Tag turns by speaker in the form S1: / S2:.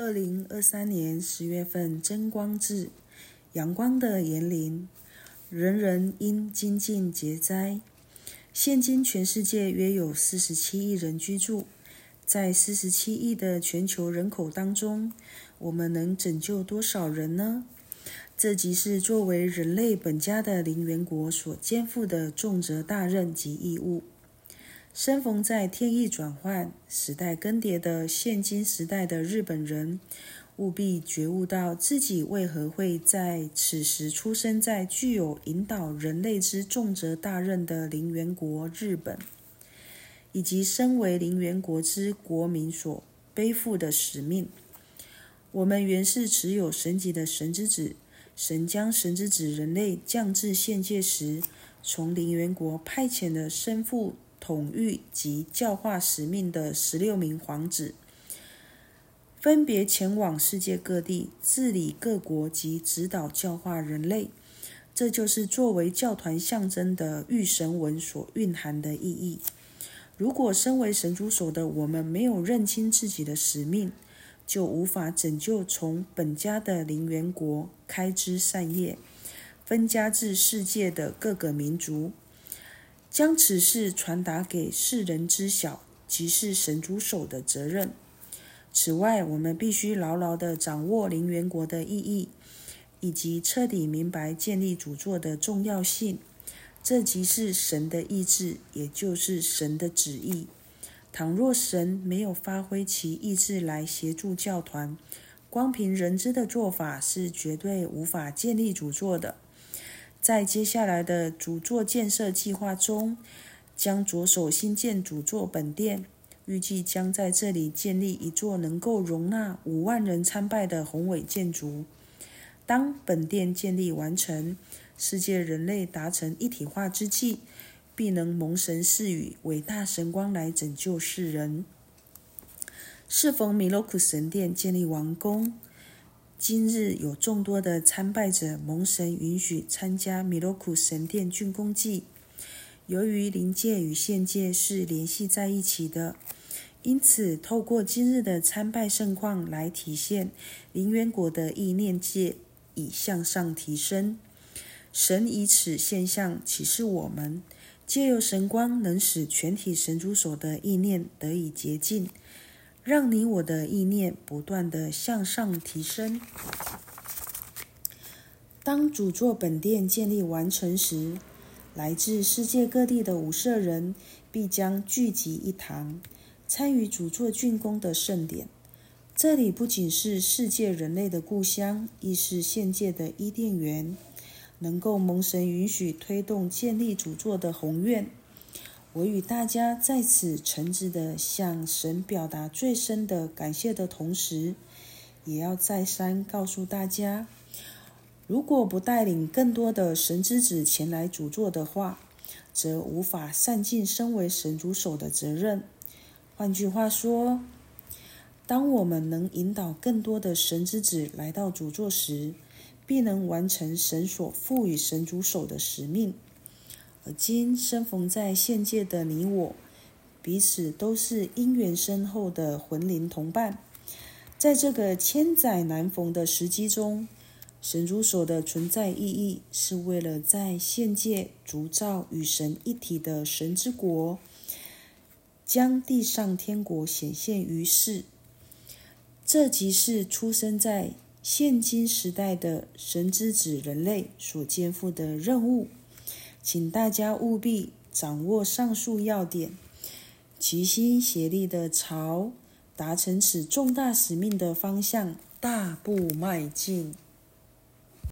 S1: 二零二三年十月份，增光至陽光的園林，人人應精進節災。現今全世界約有四十七億人居住，在四十七億的全球人口當中，我們能拯救多少人呢？這即是作為人類本家的林園國所肩負的重責大任及義務。生逢在天意轉換、時代更迭的現今時代的日本人，務必覺悟到自己為何會在此時出生在具有引導人類之重責大任的靈源國日本，以及身為靈源國之國民所背負的使命。我們原是持有神級的神之子，神將神之子人類降至現界時，從靈源國派遣的身負。統御及教化使命的十六名皇子，分別前往世界各地治理各國及指導教化人類。這就是作為教團象徵的御神文所蘊含的意義。如果身為神主所的我們沒有認清自己的使命，就無法拯救從本家的靈元國開枝散葉、分家至世界的各個民族。將此事傳達給世人知曉，即是神主守的責任。此外，我們必須牢牢地掌握靈元國的意義，以及徹底明白建立主座的重要性。這即是神的意志，也就是神的旨意。倘若神沒有發揮其意志來協助教團，光憑人知的做法是絕對無法建立主座的。在接下來的主座建設計劃中，將着手新建主座本殿，預計將在這裡建立一座能夠容納五萬人參拜的宏偉建築。當本殿建立完成，世界人類達成一體化之際，必能蒙神賜予偉大神光來拯救世人。適逢米洛庫神殿建立完工。今日有眾多的參拜者蒙神允許參加米羅庫神殿竣工祭。由於靈界與現界是聯繫在一起的，因此透過今日的參拜盛況來體現靈淵國的意念界已向上提升。神以此現象啟示我們：借由神光，能使全體神主所的意念得以潔淨。讓你我的意念不斷地向上提升。當主座本殿建立完成時，來自世界各地的五色人必將聚集一堂，參與主座竣工的盛典。這裡不僅是世界人類的故鄉，亦是現界的伊甸園，能夠蒙神允許推動建立主座的宏願。我與大家在此誠摯地向神表達最深的感謝的同時，也要再三告訴大家：如果不帶領更多的神之子前來主座的話，則無法善盡身為神主手的責任。換句話說，當我們能引導更多的神之子來到主座時，必能完成神所賦予神主手的使命。而今生逢在現界的你我，彼此都是因緣深厚的魂靈同伴。在這個千載難逢的時機中，神組手的存在意義是為了在現界鑄造與神一體的神之國，將地上天國顯現於世。這即是出生在現今時代的神之子人類所肩負的任務。請大家務必掌握上述要點，齊心協力的朝達成此重大使命的方向大步邁進。